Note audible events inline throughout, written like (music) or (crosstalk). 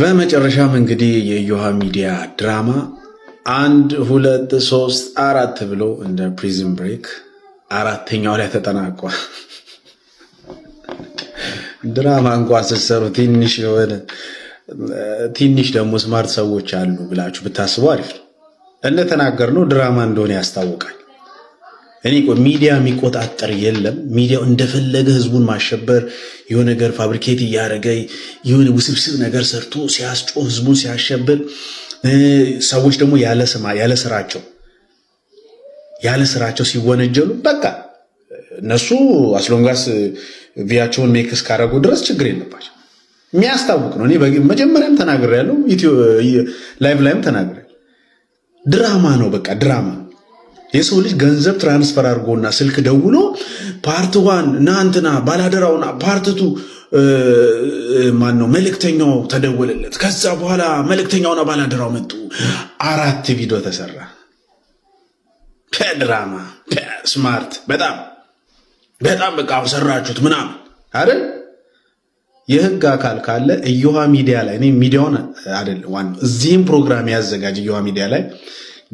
በመጨረሻም እንግዲህ የእዮሃ ሚዲያ ድራማ አንድ ሁለት ሶስት አራት ብሎ እንደ ፕሪዝን ብሬክ አራተኛው ላይ ተጠናቋል። ድራማ እንኳን ስትሰሩ ትንሽ የሆነ ትንሽ ደግሞ ስማርት ሰዎች አሉ ብላችሁ ብታስቡ አሪፍ ነው። እንደተናገርነው ድራማ እንደሆነ ያስታውቃል። እኔ ሚዲያ የሚቆጣጠር የለም። ሚዲያው እንደፈለገ ህዝቡን ማሸበር የሆነ ነገር ፋብሪኬት እያደረገ የሆነ ውስብስብ ነገር ሰርቶ ሲያስጮ ህዝቡን ሲያሸብር፣ ሰዎች ደግሞ ያለ ስራቸው ያለ ስራቸው ሲወነጀሉ በቃ እነሱ አስሎንጋስ ቪያቸውን ሜክስ ካረጉ ድረስ ችግር የለባቸው። የሚያስታውቅ ነው። እኔ መጀመሪያም ተናግሬያለሁ፣ ላይቭ ላይም ተናግሬያለሁ። ድራማ ነው በቃ ድራማ የሰው ልጅ ገንዘብ ትራንስፈር አድርጎና ስልክ ደውሎ ፓርት ዋን እናንትና ባላደራውና ፓርት ቱ ማን ነው መልእክተኛው ተደወለለት። ከዛ በኋላ መልእክተኛውና ባላደራው መጡ። አራት ቪዲዮ ተሰራ። ድራማ ስማርት በጣም በጣም በቃ ሰራችሁት ምናምን አይደል? የህግ አካል ካለ እዮሃ ሚዲያ ላይ እኔ ሚዲያውን አይደለም ዋናው እዚህም ፕሮግራም ያዘጋጅ እዮሃ ሚዲያ ላይ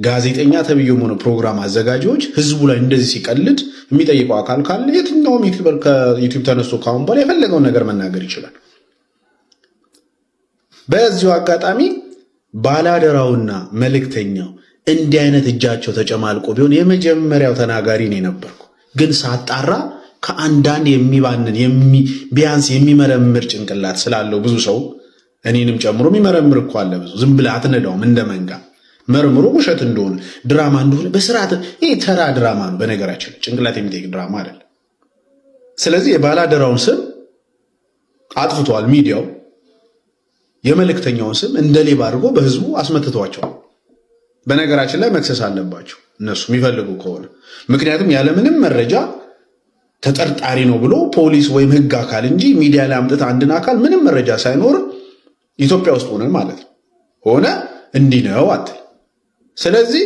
ጋዜጠኛ ተብዬም ሆነ ፕሮግራም አዘጋጆች ህዝቡ ላይ እንደዚህ ሲቀልድ የሚጠይቀው አካል ካለ የትኛውም ዩቲዩበር ከዩቲዩብ ተነስቶ ካሁን በኋላ የፈለገውን ነገር መናገር ይችላል። በዚሁ አጋጣሚ ባላደራውና መልእክተኛው እንዲህ አይነት እጃቸው ተጨማልቆ ቢሆን የመጀመሪያው ተናጋሪ ነው የነበርኩ። ግን ሳጣራ ከአንዳንድ የሚባንን ቢያንስ የሚመረምር ጭንቅላት ስላለው ብዙ ሰው እኔንም ጨምሮ የሚመረምር እኮ አለ። ብዙ ዝም ብለህ አትነዳውም እንደ መንጋ መርምሮ ውሸት እንደሆነ ድራማ እንደሆነ በስርዓት ይህ ተራ ድራማ ነው። በነገራችን ጭንቅላት የሚጠይቅ ድራማ አይደለም። ስለዚህ የባላደራውን ስም አጥፍቷል ሚዲያው የመልእክተኛውን ስም እንደ ሌባ አድርጎ በህዝቡ አስመትቷቸዋል በነገራችን ላይ መክሰስ አለባቸው እነሱ የሚፈልጉ ከሆነ ምክንያቱም ያለምንም መረጃ ተጠርጣሪ ነው ብሎ ፖሊስ ወይም ህግ አካል እንጂ ሚዲያ ላይ አምጥተህ አንድን አካል ምንም መረጃ ሳይኖር ኢትዮጵያ ውስጥ ሆነን ማለት ነው ሆነ እንዲህ ነው አትል። ስለዚህ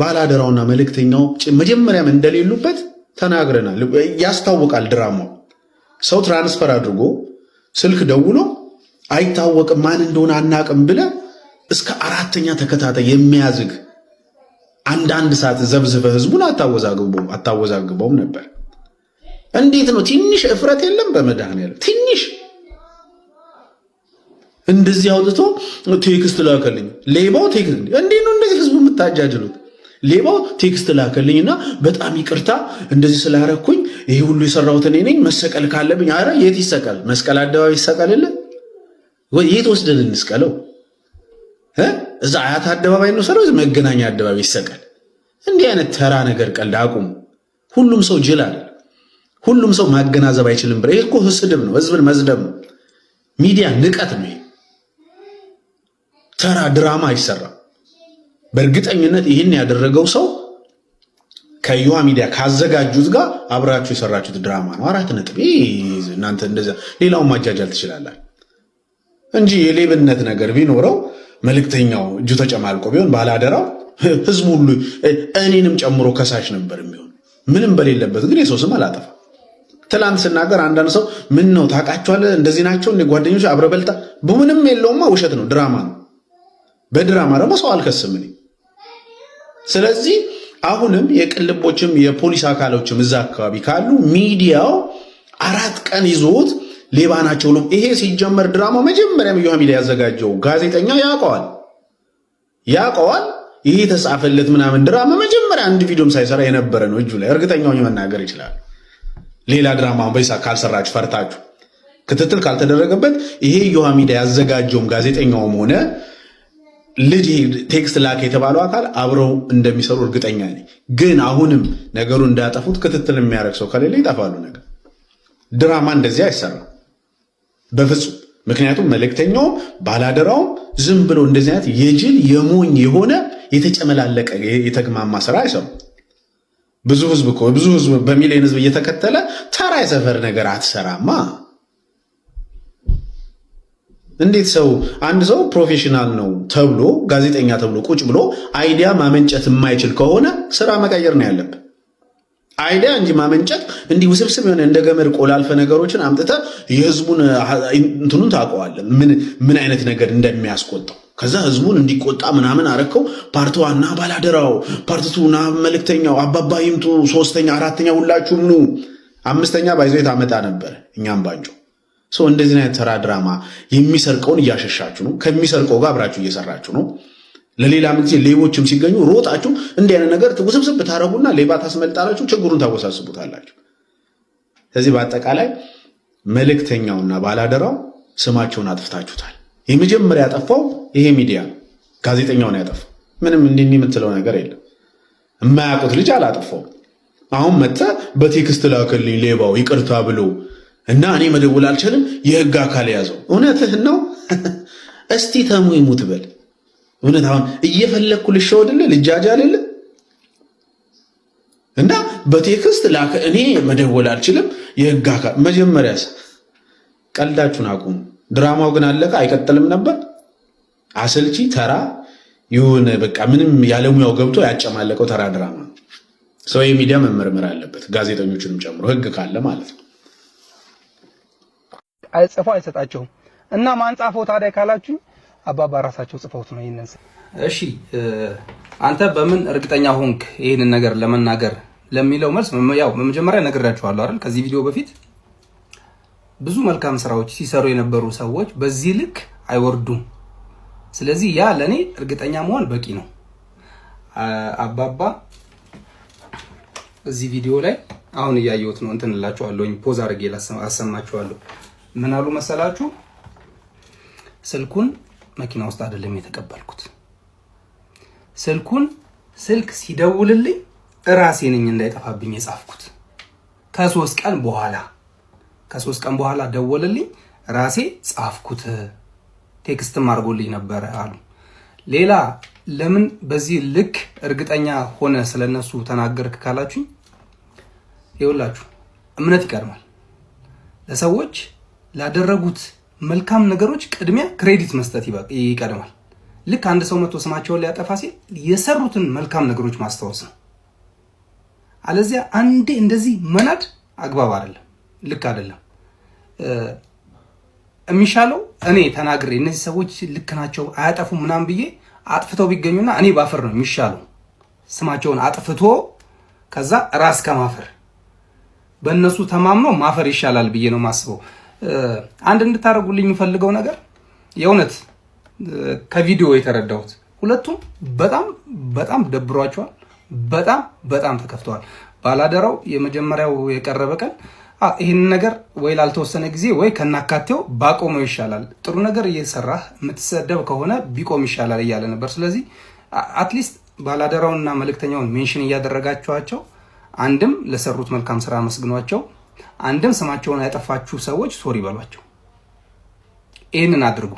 ባላደራውና መልእክተኛው መጀመሪያም እንደሌሉበት ተናግረናል። ያስታውቃል። ድራማው ሰው ትራንስፈር አድርጎ ስልክ ደውሎ አይታወቅም፣ ማን እንደሆነ አናቅም ብለ እስከ አራተኛ ተከታታይ የሚያዝግ አንዳንድ ሰዓት ዘብዝበ ህዝቡን አታወዛግበውም ነበር። እንዴት ነው? ትንሽ እፍረት የለም። በመድኃኒዓለም ትንሽ እንደዚህ አውጥቶ ቴክስት ላከልኝ ሌባው ቴክስት እንዴ ነው የምታጃጅሉት። ሌባው ቴክስት ላከልኝና በጣም ይቅርታ እንደዚህ ስላረኩኝ ይሄ ሁሉ የሰራሁት እኔ ነኝ፣ መሰቀል ካለብኝ። አረ የት ይሰቀል? መስቀል አደባባይ ወይ? የት ወስደን እንስቀለው? እዛ አያት አደባባይ እንውሰደው? መገናኛ አደባባይ ይሰቀል? እንዲህ አይነት ተራ ነገር ቀልድ አቁሙ። ሁሉም ሰው ጅላል፣ ሁሉም ሰው ማገናዘብ አይችልም ብለ ይህ እኮ ስድብ ነው፣ ህዝብን መዝደብ ነው፣ ሚዲያ ንቀት ነው። ተራ ድራማ አይሰራም። በእርግጠኝነት ይህን ያደረገው ሰው ከዩሃ ሚዲያ ካዘጋጁት ጋር አብራችሁ የሰራችሁት ድራማ ነው። አራት ነጥብ። እናንተ እንደዚያ ሌላውን ማጃጃል ትችላለን እንጂ የሌብነት ነገር ቢኖረው መልእክተኛው እጁ ተጨማልቆ ቢሆን ባላደራው ህዝቡ ሁሉ እኔንም ጨምሮ ከሳሽ ነበር የሚሆን። ምንም በሌለበት ግን የሰው ስም አላጠፋ። ትላንት ስናገር አንዳንድ ሰው ምን ነው ታውቃቸዋለህ፣ እንደዚህ ናቸው እንደ ጓደኞች አብረበልጣ በምንም የለውማ ውሸት ነው፣ ድራማ ነው። በድራማ ደግሞ ሰው አልከስም እኔ ስለዚህ አሁንም የቅልቦችም የፖሊስ አካሎችም እዛ አካባቢ ካሉ ሚዲያው አራት ቀን ይዞት ሌባ ናቸው ይሄ ሲጀመር ድራማው መጀመሪያም ዮሐ ሚዲያ ያዘጋጀው ጋዜጠኛ ያውቀዋል ያውቀዋል ይሄ የተጻፈለት ምናምን ድራማ መጀመሪያ አንድ ቪዲዮም ሳይሰራ የነበረ ነው። እጁ ላይ እርግጠኛ መናገር ይችላል። ሌላ ድራማ በይሳ ካልሰራችሁ ፈርታችሁ ክትትል ካልተደረገበት ይሄ ዮሐ ሚዲያ ያዘጋጀውም ጋዜጠኛውም ሆነ ልጅ ቴክስት ላክ የተባለው አካል አብረው እንደሚሰሩ እርግጠኛ ነኝ። ግን አሁንም ነገሩ እንዳያጠፉት ክትትል የሚያደርግ ሰው ከሌለ ይጠፋሉ። ነገር ድራማ እንደዚህ አይሰራም በፍጹም። ምክንያቱም መልእክተኛውም ባላደራውም ዝም ብሎ እንደዚህ አይነት የጅል የሞኝ የሆነ የተጨመላለቀ የተግማማ ስራ አይሰሩ። ብዙ ህዝብ እኮ ብዙ ህዝብ በሚሊዮን ህዝብ እየተከተለ ተራ የሰፈር ነገር አትሰራማ። እንዴት ሰው አንድ ሰው ፕሮፌሽናል ነው ተብሎ ጋዜጠኛ ተብሎ ቁጭ ብሎ አይዲያ ማመንጨት የማይችል ከሆነ ስራ መቀየር ነው ያለብን። አይዲያ እንጂ ማመንጨት እንዲህ ውስብስብ የሆነ እንደ ገመድ ቆላልፈ ነገሮችን አምጥተ የህዝቡን እንትኑን ታውቀዋለን፣ ምን አይነት ነገር እንደሚያስቆጣው። ከዛ ህዝቡን እንዲቆጣ ምናምን አረከው። ፓርቲ ዋና ባላደራው፣ ፓርቲቱ ና መልክተኛው አባባይምቱ ሶስተኛ አራተኛ፣ ሁላችሁም ኑ፣ አምስተኛ ባይዞ የታመጣ ነበር እኛም ባንጮ ሰው እንደዚህ አይነት ተራ ድራማ የሚሰርቀውን እያሸሻችሁ ነው። ከሚሰርቀው ጋር አብራችሁ እየሰራችሁ ነው። ለሌላም ጊዜ ሌቦችም ሲገኙ ሮጣችሁ እንዲህ አይነት ነገር ውስብስብ ታረጉና ሌባ ታስመልጣላችሁ፣ ችግሩን ታወሳስቡታላችሁ። ስለዚህ በአጠቃላይ መልእክተኛውና ባላደራው ስማቸውን አጥፍታችሁታል። የመጀመሪያ ያጠፋው ይሄ ሚዲያ ነው። ጋዜጠኛውን ያጠፋው ምንም እንዲህ የምትለው ነገር የለም። የማያውቁት ልጅ አላጠፋውም። አሁን መጥተህ በቴክስት ላክልኝ ሌባው ይቅርታ ብሎ እና እኔ መደውል አልችልም። የህግ አካል የያዘው እውነትህ ነው። (laughs) እስቲ ተሙ ይሙት በል እውነት አሁን እየፈለግኩ ልሸወድል ልጃጅ አልል እና በቴክስት ላከ። እኔ መደወል አልችልም። የህግ አካል መጀመሪያስ ቀልዳችሁን አቁሙ። ድራማው ግን አለቀ አይቀጥልም ነበር። አሰልቺ ተራ ይሁን በቃ ምንም ያለሙያው ገብቶ ያጨማለቀው ተራ ድራማ። ሰው የሚዲያ መመርመር አለበት፣ ጋዜጠኞችንም ጨምሮ ህግ ካለ ማለት ነው። ጽፎ አይሰጣቸውም። እና ማን ጻፈው ታዲያ ካላችሁ አባባ ራሳቸው ጽፈውት ነው ይህንን። እሺ አንተ በምን እርግጠኛ ሆንክ ይህንን ነገር ለመናገር ለሚለው መልስ ያው መጀመሪያ ነግሬያችኋለሁ አይደል? ከዚህ ቪዲዮ በፊት ብዙ መልካም ስራዎች ሲሰሩ የነበሩ ሰዎች በዚህ ልክ አይወርዱም። ስለዚህ ያ ለእኔ እርግጠኛ መሆን በቂ ነው። አባባ እዚህ ቪዲዮ ላይ አሁን እያየሁት ነው። እንትን እላችኋለሁ፣ ፖዝ አድርጌ አሰማችኋለሁ። ምን አሉ መሰላችሁ? ስልኩን መኪና ውስጥ አይደለም የተቀበልኩት። ስልኩን ስልክ ሲደውልልኝ እራሴ ነኝ እንዳይጠፋብኝ የጻፍኩት። ከሶስት ቀን በኋላ ከሶስት ቀን በኋላ ደወልልኝ፣ ራሴ ጻፍኩት። ቴክስትም አድርጎልኝ ነበረ አሉ። ሌላ ለምን በዚህ ልክ እርግጠኛ ሆነ ስለነሱ ተናገርክ ካላችሁኝ፣ ይኸውላችሁ እምነት ይቀድማል ለሰዎች ላደረጉት መልካም ነገሮች ቅድሚያ ክሬዲት መስጠት ይቀድማል። ልክ አንድ ሰው መቶ ስማቸውን ሊያጠፋ ሲል የሰሩትን መልካም ነገሮች ማስታወስ ነው። አለዚያ አንዴ እንደዚህ መናድ አግባብ አይደለም፣ ልክ አይደለም። የሚሻለው እኔ ተናግሬ እነዚህ ሰዎች ልክ ናቸው አያጠፉም ምናምን ብዬ አጥፍተው ቢገኙና እኔ ባፈር ነው የሚሻለው ስማቸውን አጥፍቶ ከዛ ራስ ከማፈር በእነሱ ተማምኖ ማፈር ይሻላል ብዬ ነው የማስበው። አንድ እንድታደርጉልኝ የምፈልገው ነገር የእውነት ከቪዲዮ የተረዳሁት ሁለቱም በጣም በጣም ደብሯቸዋል። በጣም በጣም ተከፍተዋል። ባላደራው የመጀመሪያው የቀረበ ቀን ይህን ነገር ወይ ላልተወሰነ ጊዜ ወይ ከናካቴው ባቆመው ይሻላል፣ ጥሩ ነገር እየሰራህ የምትሰደብ ከሆነ ቢቆም ይሻላል እያለ ነበር። ስለዚህ አትሊስት ባላደራውንና መልእክተኛውን ሜንሽን እያደረጋቸዋቸው አንድም ለሰሩት መልካም ስራ አመስግኗቸው አንድም ስማቸውን ያጠፋችሁ ሰዎች ሶሪ በሏቸው። ይህንን አድርጉ።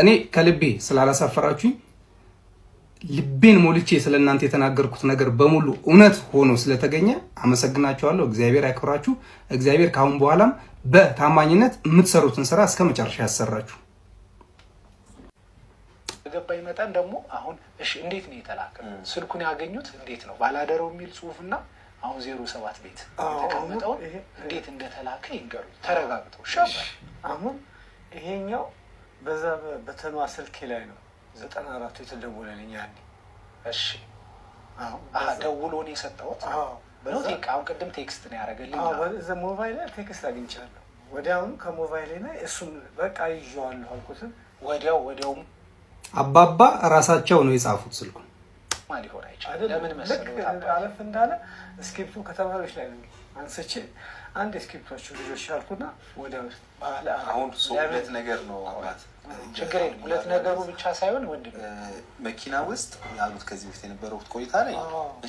እኔ ከልቤ ስላላሳፈራችሁኝ ልቤን ሞልቼ ስለ እናንተ የተናገርኩት ነገር በሙሉ እውነት ሆኖ ስለተገኘ አመሰግናችኋለሁ። እግዚአብሔር ያክብራችሁ። እግዚአብሔር ካሁን በኋላም በታማኝነት የምትሰሩትን ስራ እስከ መጨረሻ ያሰራችሁ። ገባኝ መጠን ደግሞ አሁን እሺ፣ እንዴት ነው የተላከ ስልኩን ያገኙት? እንዴት ነው ባላደረው የሚል ጽሁፍና አሁን ዜሮ ሰባት ቤት የተቀመጠውን እንዴት እንደተላከ ይንገሩ ተረጋግጠው ሸበር። አሁን ይሄኛው በዛ በተኗ ስልኬ ላይ ነው ዘጠና አራቱ የተደወለልኝ ያኔ። እሺ ደውሎ ነው የሰጠሁት። አሁን ቅድም ቴክስት ነው ያደረገልኝ። ሞባይል ላይ ቴክስት አግኝቻለሁ። ወዲያውኑ ከሞባይል ላይ እሱም በቃ ይዤዋለሁ አልኩትም። ወዲያው ወዲያውም አባባ ራሳቸው ነው የጻፉት ስልኩን ውጤታማ ሊሆን አይችልም። ለምን መሰለህ አለፍ እንዳለ እስክሪፕቱ ከተማሪዎች ላይ አንስቼ አንድ እስክሪፕቶቹ ልጆች ያልኩና ወደ አሁን ሁለት ነገር ነው አባት ችግር ሁለት ነገሩ ብቻ ሳይሆን ወንድም መኪና ውስጥ ያሉት ከዚህ በፊት የነበረው ቆይታ ላይ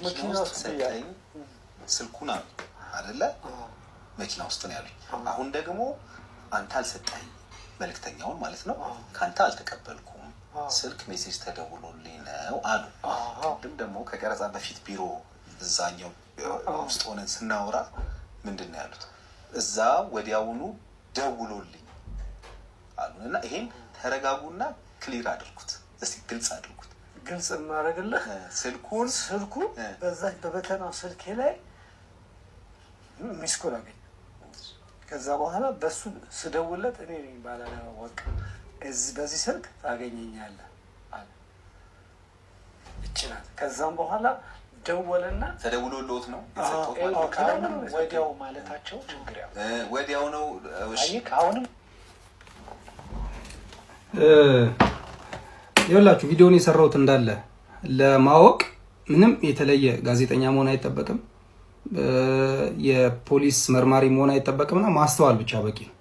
መኪና ውስጥ ሰጠኝ ስልኩን አሉ አደለ መኪና ውስጥ ነው ያሉኝ። አሁን ደግሞ አንተ አልሰጠኝ መልክተኛውን ማለት ነው ከአንተ አልተቀበልኩም ስልክ ሜሴጅ ተደውሎልኝ ነው አሉ። ቅድም ደግሞ ከቀረጻ በፊት ቢሮ እዛኛው ውስጥ ሆነን ስናወራ ምንድን ነው ያሉት? እዛ ወዲያውኑ ደውሎልኝ አሉ እና ይሄን ተረጋጉና ክሊር አድርጉት እስቲ ግልጽ አድርጉት። ግልጽ የማደርግልህ ስልኩን ስልኩ በዛ በበተናው ስልኬ ላይ ሚስኮል አገኘ። ከዛ በኋላ በሱ ስደውለት እኔ ወቅ በዚህ ስልክ ታገኘኛለህ አለ። እች ናት። ከዛም በኋላ ደወለና ሎት ነው ወዲያው ማለታቸው ችግር ወዲያው ነው። አሁንም ይኸውላችሁ ቪዲዮውን የሰራሁት እንዳለ ለማወቅ ምንም የተለየ ጋዜጠኛ መሆን አይጠበቅም፣ የፖሊስ መርማሪ መሆን አይጠበቅምና ማስተዋል ብቻ በቂ ነው።